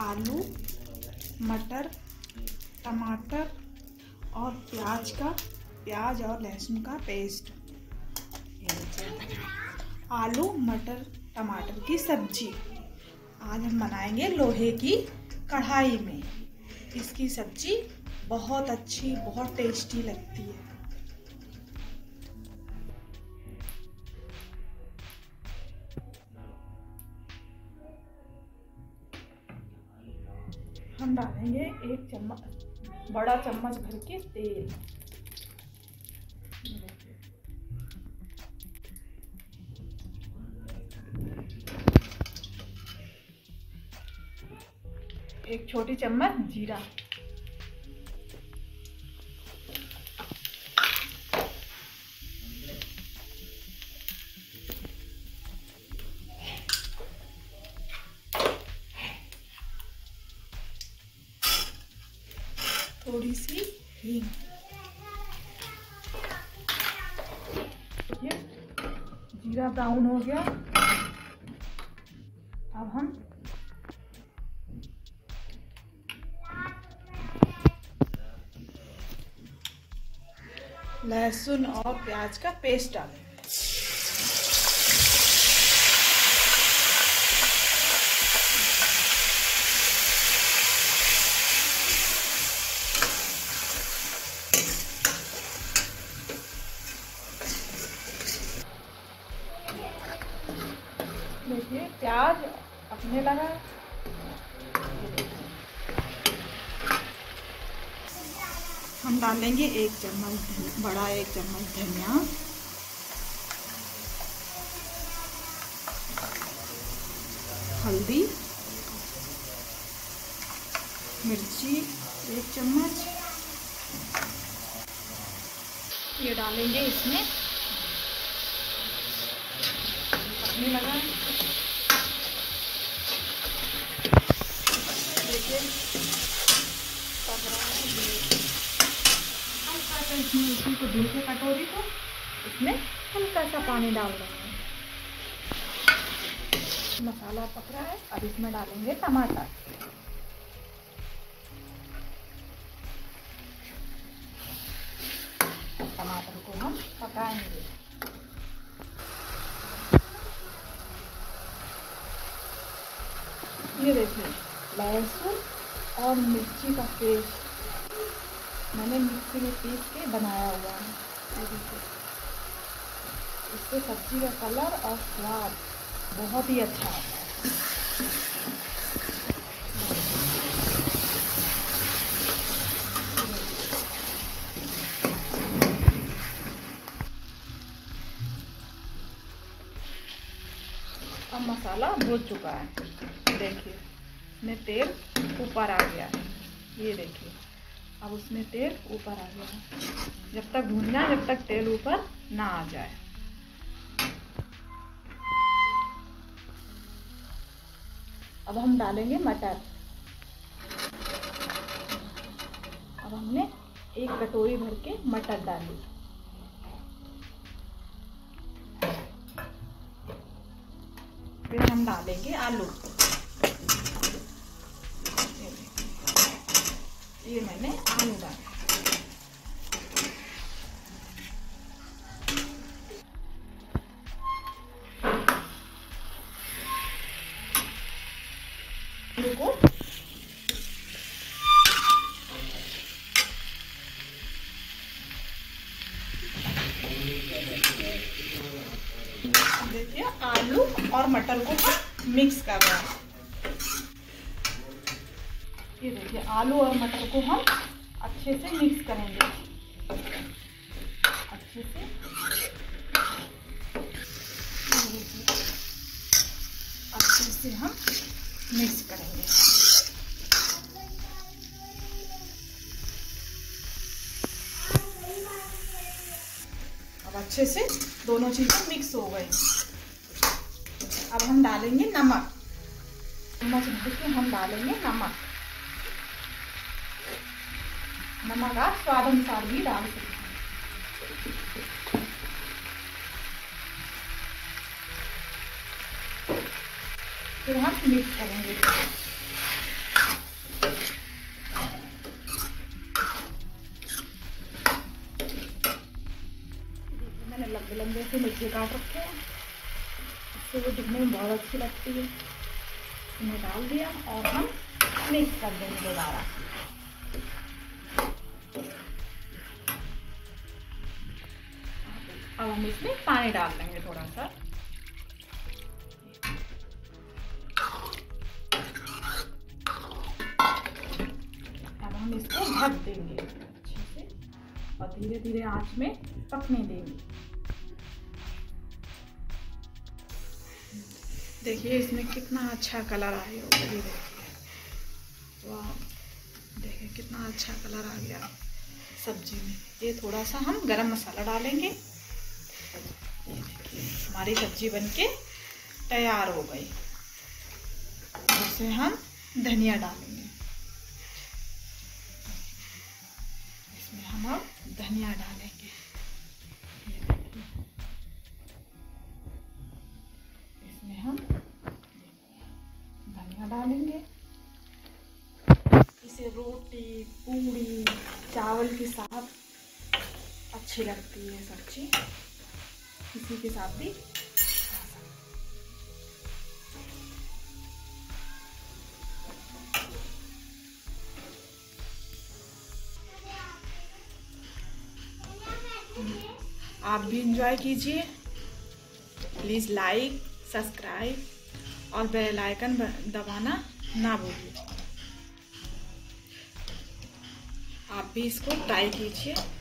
आलू मटर टमाटर और प्याज का प्याज और लहसुन का पेस्ट आलू मटर टमाटर की सब्जी आज हम बनाएंगे लोहे की कढ़ाई में इसकी सब्जी बहुत अच्छी बहुत टेस्टी लगती है हम डालेंगे एक चम्मच बड़ा चम्मच भर के तेल एक छोटी चम्मच जीरा थोड़ी सी ही जीरा ब्राउन हो गया अब हम लहसुन और प्याज का पेस्ट डालें प्याज अपने लगा हम डालेंगे एक चम्मच बड़ा एक चम्मच धनिया हल्दी मिर्ची एक चम्मच ये डालेंगे इसमें लगा लहसुन को धुल के कटोरी को इसमें हल्का सा पानी डाल देंगे मसाला पक रहा है अब इसमें डालेंगे टमाटर टमाटर को हम पकाएंगे ये देखिए लहसुन और मिर्ची का पेस्ट मैंने मिक्सी में पीस के बनाया हुआ है इससे सब्जी का कलर और स्वाद बहुत ही अच्छा आता है अब मसाला भूज चुका है देखिए मैं तेल ऊपर आ गया है ये देखिए अब उसमें तेल ऊपर आ जाएगा जब तक भूनना है जब तक तेल ऊपर ना आ जाए अब हम डालेंगे मटर अब हमने एक कटोरी भर के मटर डाली फिर हम डालेंगे आलू ये मैंने आलू डाला देखिए आलू और मटर को मिक्स कर रहा है ये देखिए आलू और मटर को हम अच्छे से मिक्स करेंगे अच्छे से अच्छे से हम मिक्स करेंगे अब अच्छे से दोनों चीज़ें मिक्स हो गई अब हम डालेंगे नमक देखिए हम डालेंगे नमक नमक आप स्वाद अनुसार भी डाल सकते हैं फिर हम मिक्स करेंगे मैंने लंबे लंबे से मिर्ची काट रखे हैं इससे वो दिखने में बहुत अच्छी लगती है इन्हें डाल दिया और हम मिक्स कर देंगे दोबारा अब um, हम इसमें पानी डाल देंगे थोड़ा सा अब हम इसको ढक देंगे अच्छे से और धीरे धीरे आंच में पकने देंगे देखिए इसमें कितना अच्छा कलर आया देखिए वाह देखिए कितना अच्छा कलर आ गया सब्जी में ये थोड़ा सा हम गरम मसाला डालेंगे हमारी सब्जी बनके तैयार हो गई इसे हम धनिया डालेंगे इसमें हम अब धनिया डालेंगे रोटी पूड़ी चावल के साथ अच्छी लगती है सब्जी इसी के साथ भी आप भी इंजॉय कीजिए प्लीज़ लाइक सब्सक्राइब और बेल आइकन दबाना ना भूलिए आप भी इसको ट्राई कीजिए